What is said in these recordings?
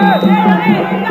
Yeah, yeah, yeah.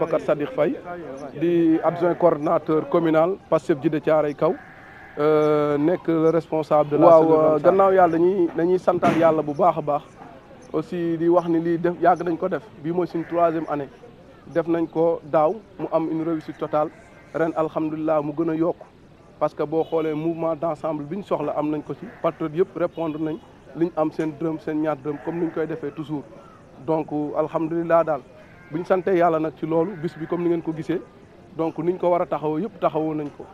Babacar Sadikh Faye di adjoint coordinateur communal Pastef Djiddah Thiaroye Kaw euh, nekk le responsable de la waaw gannaaw yàlla dañuy dañuy santaat yàlla bu baax a baax aussi di wax ni lii def yàgg nañ ko def bii mooy suñu troisième année def nañ ko daaw mu am une réussite totale ren alhamdulilah mu gën a yokk parce que boo xoolee mouvement d' ensemble bi ñu soxla am nañ ko ci patriote yëpp répondre nañ liñ am seen dërëm seen ñaar dërëm comme ni koy defee toujours donc alhamdulilah daal bu ñu santee yàlla nag ci loolu bis bi comme ni ngeen ko gisee donc niñ ko war a taxaw yëpp taxawoo nañ ko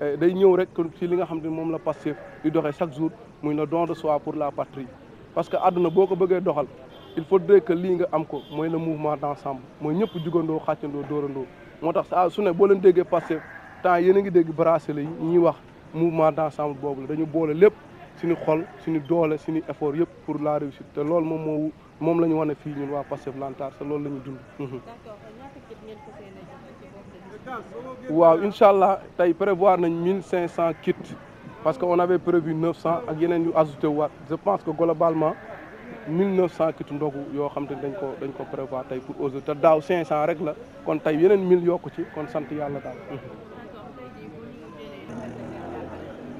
eh, day ñëw rek ci li nga xam ne moom la Pastef di doxee chaque jour muy na don de soi pour la patrie parce que àdduna boo ko bëggee doxal il faudrait que lii nga am ko mooy le mouvement d'ensemble mooy ñëpp jugandoo xàccandoo dóorandoo moo tax saa su ne boo leen déggee Pastef temps yéen ngi dégg bracelet yi ñuy wax mouvement d'ensemble boobu la dañu boole lépp suñu xol suñu doole suñu effort yëpp pour la réussite te lool moom moo moom la ñu wane fii ñun waa Pastef Lantar te loolu la ñu dund. Mhm. waaw incha allah tey prévoir nañ mille cinq cent kits parce que on avait prévu neuf cent ak yeneen yu war waat je pense que globalement mille neuf cent kits ndogu yoo xam te dañ ko dañ ko prévoir tey pour aujourd'hui te daaw cinq cent rek la kon tey yeneen mille yokku ci kon sant yàlla daal. Mhm.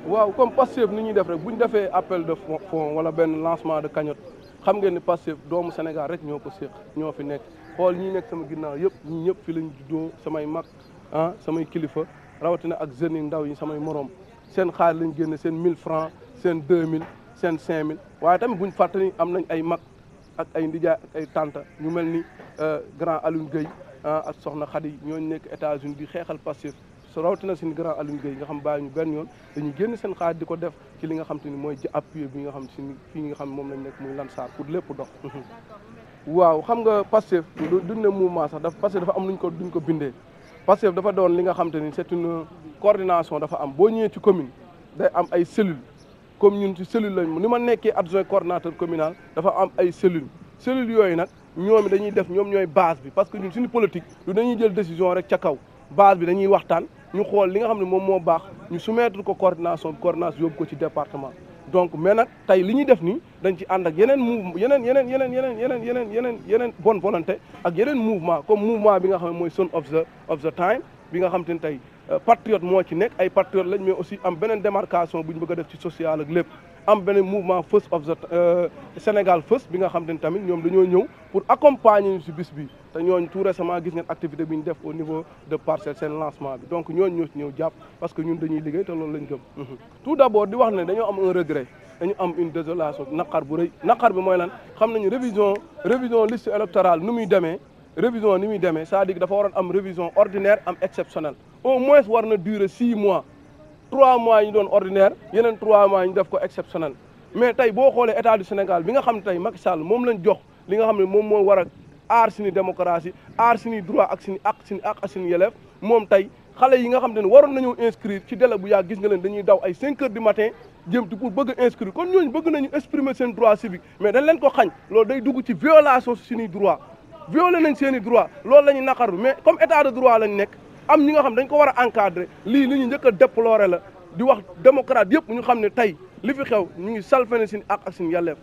waaw comme Pastef ni ñuy def rek bu ñu defee appel de fonds wala benn lancement de kañot xam ngeen ni Pastef doomu Sénégal rek ñoo ko séq ñoo fi nekk xool ñi nekk sama ginnaaw yëpp ñi ñëpp fi lañ juddoo samay mag ah samay kilifa rawatina ak jeunes yi ndaw yi samay morom seen xaar lañ génn seen mille francs seen mille seen mille waaye tamit buñ fàttali am nañ ay mag ak ay ndijaay ay tante ñu mel ni euh, grand Alioune Gueye ah ak soxna Khady ñooñu nekk États-Unis di xeexal Pastef su rawatina suñu grand Alioune Gueye nga xam bàyyi ñu benn yoon dañuy génn seen xaa di ko def ci li nga xam te ni mooy ci appui bi nga xam suñu fii nga xam moom lañ nekk muy Lansar pour lépp dox waaw xam nga Pastef duñ ne mouvement sax dafa Pastef dafa am luñ ko duñ ko bindee Pastef dafa doon li nga xam te ni c'est une coordination dafa am boo ñëwee ci commune day am ay cellules comme ñun ci cellule lañ ni ma nekkee adjoint coordinateur communal dafa am ay cellules cellules yooyu nag ñoom dañuy def ñoom ñooy base bi parce que ñun suñu politique du dañuy jël décision rek ca kaw base bi dañuy waxtaan ñu xool li nga xam ne moom moo baax ñu soumettre ko coordination coordination yóbbu ko ci département donc mais nag tey li ñuy def nii dañ ci ànd ak yeneen yeneen yeneen yeneen yeneen yeneen yeneen yeneen yeneen bonne volonté ak yeneen mouvement comme mouvement bi nga xam ne mooy son of the of the time bi nga xam te ne tey euh, patriote moo ci nekk ay patriote lañ me aussi am beneen démarcation bu ñu bëgg def ci social ak lépp am beneen mouvement First of the euh, Sénégal First bi nga xam te ni tamit ñoom dañoo ñëw pour accompagne ñu si bis bi te tu tout récemment gis ngeen activité bi ñu def au niveau de parcelle seen lancement bi donc ñooñu ñoo si ñëw jàpp parce que ñun dañuy liggéey ta loolu lañ gëm. Mhm. tout d' di wax ne dañoo am un regret dañu am une désolation naqar bu rëy naqar bi mooy lan xam nañu révision révision liste électorale nu muy demee révision ni muy demee c'est-à-dire dafa waroon am révision ordinaire am exceptionnelle au moins war na durer six mois. trois mois ñu doon ordinaire yeneen trois mois ñu def ko exceptionnel mais tey boo xoolee état du Sénégal bi nga xam ne tey Macky Sall moom lañ jox li nga xam ne moom moo war a aar suñu démocratie aar suñuy droit ak suñu ak suñu ak ak suñu yelleef moom tey xale yi nga xam te ne waroon nañoo inscrire ci délai bu yàgg gis nga leen dañuy daw ay 5 heures du matin jëm pour bëgg a inscrire kon ñooñu bëgg nañu exprimer seen droit civique mais dañ leen ko xañ loolu day dugg ci violation suñuy droit violé nañ seen i droit loolu la ñuy naqaru mais comme état de droit lañ nekk am ñi nga xam dañ ko war a encadrer lii li ñu njëkk a déplorer la di wax démocrate yëpp ñu xam ne tey li fi xew ñu ngi salfene seen ak ak don yelleef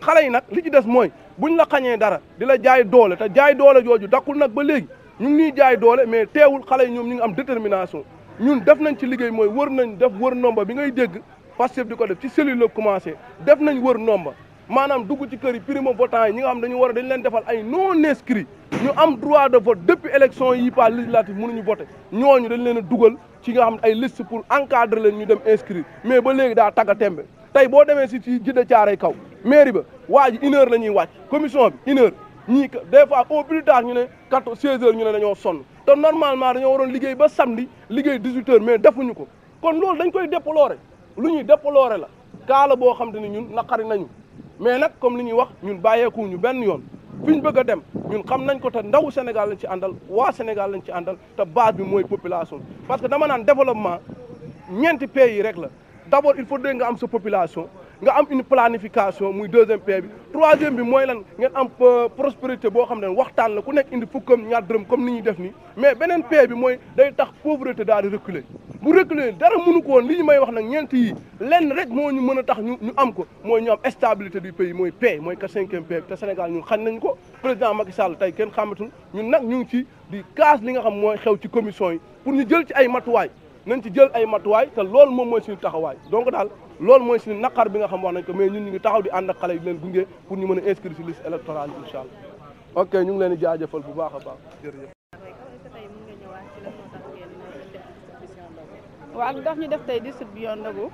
xale yi nag li ci des mooy buñ la xañee dara di la jaay doole te jaay doole jooju dakul nag ba léegi ñu ngi ñuy jaay doole mais teewul xale yi ñoom ñu ngi am détermination ñun def nañ ci liggéey mooy wër nañ def wër nomba bi ngay dégg Pastef di ko def ci cellule la commencé def nañ wër nomba maanaam dugg ci kër yi primo votant yi ñi nga xam dañu war a dañu leen ay non inscrits ñu am droit de vote depuis élection yi pas législative mënuñu voter dañ leen dugal ci nga xam ay liste pour encadrer leen ñu dem inscrire mais ba léegi daa tagga tembe tey boo demee si ci jidda caaray kaw mairie ba waa ji une la ñuy wàcc commission bi ñii des fois au plus tard ne quatorze seize heures ñu ne dañoo sonn te normalement dañoo waroon liggéey ba samedi liggéey dix huit heures mais defuñu ko kon loolu dañ koy déplorer lu ñuy déplorer la kaala boo xam te ne ñun naqari nañu mais nag comme li ñuy wax ñun bàyyeeku ñu benn yoon fi ñu bëgg dem ñun xam nañ ko te ndaw Sénégal lañ ci àndal waa Sénégal lañ ci àndal te baat bi mooy population bi parce que dama naan développement ñeenti pays yi rek la d'abord il faut dégg nga am sa population nga am une planification muy deuxième P bi troisième bi mooy lan ngeen am euh, prospérité boo xam ne waxtaan la ku nekk indi fukkam ñaar dërëm comme ni ñuy def nii mais beneen P bi mooy day tax pauvreté daal di reculer bu reculer dara mënu ko woon ñu may wax nag ñeenti yi lenn rek moo ñu mën a tax ñu ñu am ko mooy ñu am stabilité di pays mooy P mooy que cinquième P bi te Sénégal ñun xam nañ ko président Macky Sall tey kenn xamatul ñun nag ñu ngi ci di kaas li nga xam mooy xew ci commission yi pour ñu jël ci ay matuwaay nañ ci jël ay matuwaay te loolu moom mooy suñu taxawaay donc daal loolu mooy suñu naqar bi nga xam wax nañ ko mais ñun ñu ngi taxaw di ànd ak xale yi leen gunge pour ñu mën a inscrire ci liste électorale yi incha allah ok ñu ngi leen di jaajëfal bu baax a baax jërëjëf waaw daf ñu def tey distribution ndogu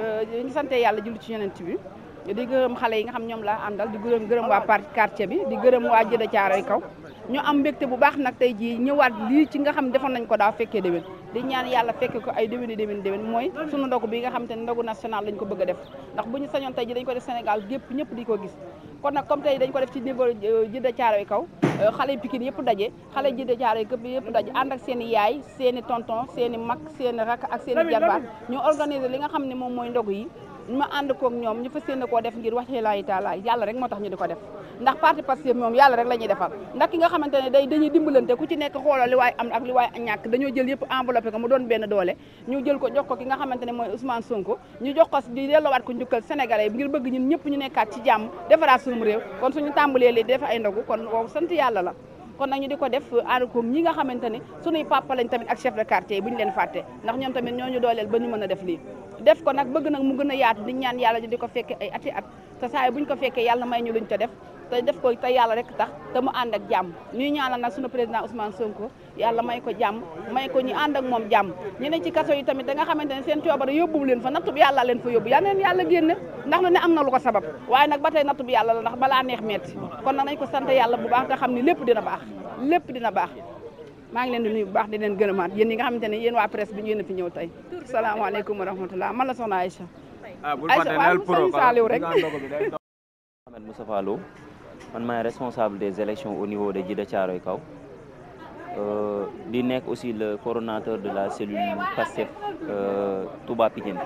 euh, ñu ngi sant yàlla julli ci yonent bi di gërëm xale yi nga xam ñoom laa àndal di gërëm gërëm waa parti quartier bi di gërëm waa Jëda Caaroy kaw ñu am mbégte bu baax nag tey jii ñëwaat lii ci nga xam defoon nañ ko daaw fekkee déwén di ñaan yàlla fekke ko ay déwéni déwén déwén mooy sunu ndogu bi nga xam te ne ndogu national ko bëgg a def ndax bu ñu sañoon ko def Sénégal gépp ñëpp di ko gis kon nag comme tey dañ ko def ci niveau euh, jidda caaroy kaw euh, xale Pikine yëpp daje xale jidda caaroy këpp yëpp daje ànd ak seen yaay seen i tonton mag seen i ak seen i jarbaat ñu organiser li nga xam ne moom mooy ndogu yi ñu and ànd koog ñoom ñu fas yéene koo def ngir waxee laay taala yàlla rek moo tax ñu di ko def ndax parti Pastef moom yàlla rek la ñuy defal ndax ki nga xamante ne day dañuy dimbalante ku ci nekk xoolal li waay am ak li waay ñàkk dañoo jël yëpp enveloppé ko mu doon benn doole ñu jël ko jox ko ki nga xamante ne mooy Ousmane Sonko ñu jox ko di delloowaat ko njukkal sénégalais bi ngir bëgg ñun ñëpp ñu nekkaat ci jàmm yàlla la kon nag ñu di ko def ànd ñi nga xamante ne suñuy papa lañ tamit ak chef de quartier bu ñu leen fàtte ndax ñoom tamit ñoo ñu dooleel ba ñu mën nag bëgg nag mu di ñaan yàlla ko fekkee ay ati at te bu ñu ko fekkee yàlla may ñu luñ ca def te def ko te yàlla rek tax te mu ànd ak jàmm ñuy ñaanal nag sunu président Ousmane Sonko yàlla may ko jàmm may ko ñu ànd moom jàmm ñu ne ci kaso yi tamit da nga xamante ne seen coobara yóbbu leen fa nattub yàlla leen fa yóbbu yàlla leen yàlla génne ndax lu ne am na lu ko sabab waaye nag ba tey nattub yàlla la ndax balaa neex metti kon nag nañ ko sant yàlla bu baax te xam ne lépp dina baax lépp dina baax maa ngi leen di nuyu bu baax di leen gërëmaat yéen ñi nga xamante ne yéen waa presse bi ngeen fi ñëw tey salaamaaleykum wa man maay responsable des élections au niveau de Djida Thiaroye Kaw euh, di nekk aussi le coronateur de la cellule PASTEF euh, Touba Pikine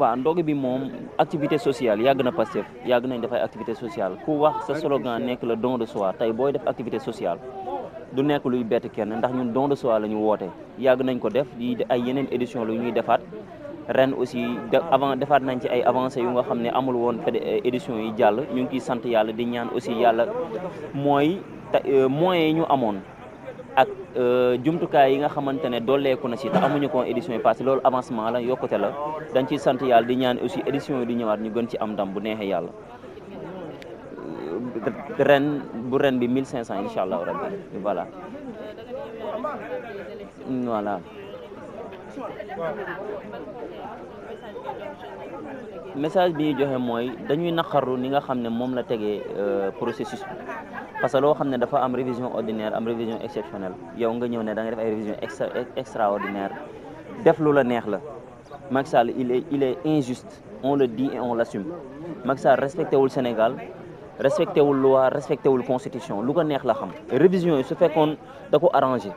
waa ndogu bi moom activité sociale yàgg na PASTEF yàgg nañ defay activité sociale ku wax sa slogan nekk le don de soi tey booy def activité sociale du nekk luy bett kenn ndax ñun don de soi la ñu woote yàgg nañ ko def di ay yeneen édition lu ñuy defaat ren aussi avant defaat nañ ci ay avancées yu nga xam ne amul woon euh, édition yi jàll ñu ngi ciy sant yàlla di ñaan aussi yàlla mooy euh, moyens yi ñu amoon ak euh, jumtukaay yi nga xamante ne dooleeku na si te amuñu ko édition yi que loolu avancement la yokkute la dañ ciy sant yàlla di ñaan aussi édition yi di ñëwaat ñu gën ci am dam bu neexee yàlla ren bu ren bi 1500 incha allah rabbi voilà voilà message bi ñuy joxe mooy dañuy naqarlu ni nga xam ne moom la tegee euh, processus parce que loo xam ne dafa am révision ordinaire am révision exceptionnelle yow nga ñëw ne da nga def ay révision extraordinaire def lu la neex la Macky Sall il est injuste on le dit et la l'assume Macky Sall respecté wul Sénégal respecté wul loi respecté wul constitution lu ko neex la xam révision yi su fekkoon da ko arrangé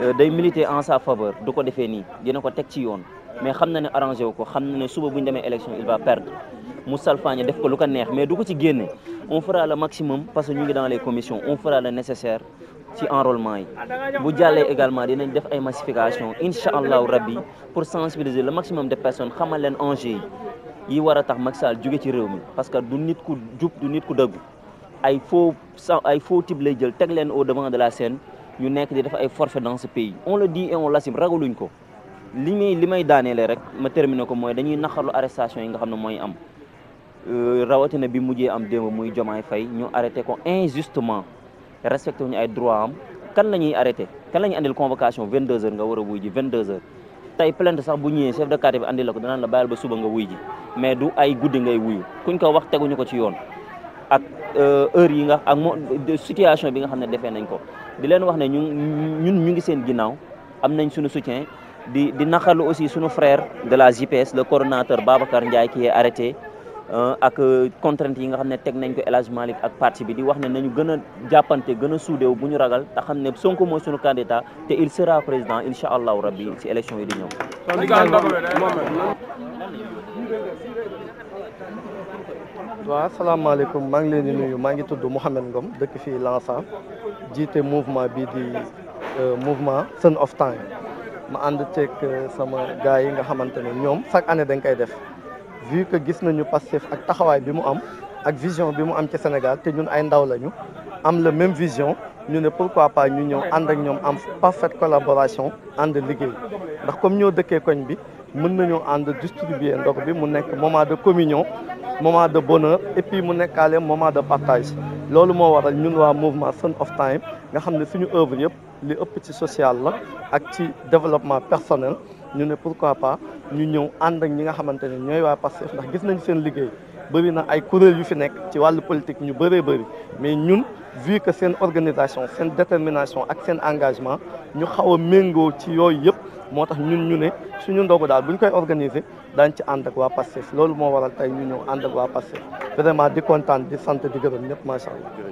Euh, day militer en sa faveur du ko defee nii dina ko teg ci yoon mais xam na ne arrangé wu ko xam na ne suba bu ñu demee élection il va perdre mu salfaañe def ko lu ko neex mais du ko ci génne on fera le maximum parce que ñu ngi dans les commissions on fera le nécessaire ci enrôlement yi bu jàllee également dinañ def ay massification incha allahu rabbi pour sensibiliser le maximum de personnes xamal leen enjeu yi yi war a tax mag Sall jóge ci réew mi parce que du nit ku jub nit ku dëgg ay faux ay faux jël teg leen au devant de la scène ñu nekk di def ay forfait dans ce pays on le dit et on l'assume ragaluñ ko li may li may daaneele rek ma terminer ko mooy dañuy naqarlu arrestation yi nga xam ne mooy am euh, rawatina bi mujjee am démb muy Diomaye fay ñu arrêté ko injustement respecté wuñu ay droit am kan la ñuy arrêté kan la ñuy andil convocation 22h nga war a wuy ji 22h tey plainte sax bu ñëwee chef de quartier bi andil la ko danaan la bàyyil ba suba nga wuy ji mais du ay guddi ngay wuyu kuñ ko wax teguñu ko ci yoon ak euh, heure yi nga ak mo situation bi nga xam ne defee nañ ko di leen wax ne ñu ñun ñu ngi seen ginnaaw am nañ sunu soutien di di naqarlu aussi suñu frère de la JPS le coordinateur Babacar Ndiaye qui est arrêté euh, ak euh, contraintes yi nga xam ne teg nañ ko El Hadj ak partie bi di wax ne nañu gën jàppante gën a suudeew bu ñu ragal te xam ne Sonko mooy suñu candidat te il sera président incha allahu rabbi ci élection yi di ñëw waaw asalaamaaleykum maa ngi leen di nuyu maa ngi tudd Mouhamed Ngom dëkk fii Lansar jiite mouvement bii di euh, mouvement Sun of Time ma ànd ceeg euh, sama gars yi nga xamante ne ñoom chaque année dañ koy def vu que gis nañu Pastef ak taxawaay bi mu am ak vision bi mu am ci Sénégal te ñun ay ndaw lañu am la même vision ñu ne pourquoi pas ñu ñëw ànd ak ñoom am parfaite collaboration ànd liggéey ndax comme ñoo dëkkee koñ bi mën nañoo ànd distribuer ndox bi mu nekk moment de communion moment de bonheur et puis mu nekkaale moment de partage loolu moo waral ñun waa mouvement Sun of Time nga xam ne suñu œuvre yëpp li ëpp ci social la ak ci développement personnel ñu ne pourquoi pas ñu ñëw ànd ak ñi nga xamante ne ñooy waa Pastef ndax gis nañu seen liggéey bëri na ay kuréel yu fi nekk ci wàllu politique ñu bëree bëri mais ñun vu que seen organisation seen détermination ak seen engagement ñu xaw a méngoo ci yooyu yëpp moo tax ñun ñu ne suñu ndogu daal bu ñu koy organiser dañ ci ànd ak waa Pastef loolu moo waral tey ñu ñëw ànd ak waa Pastef vraiment di kontaan di sant di gërëm ñëpp macha allah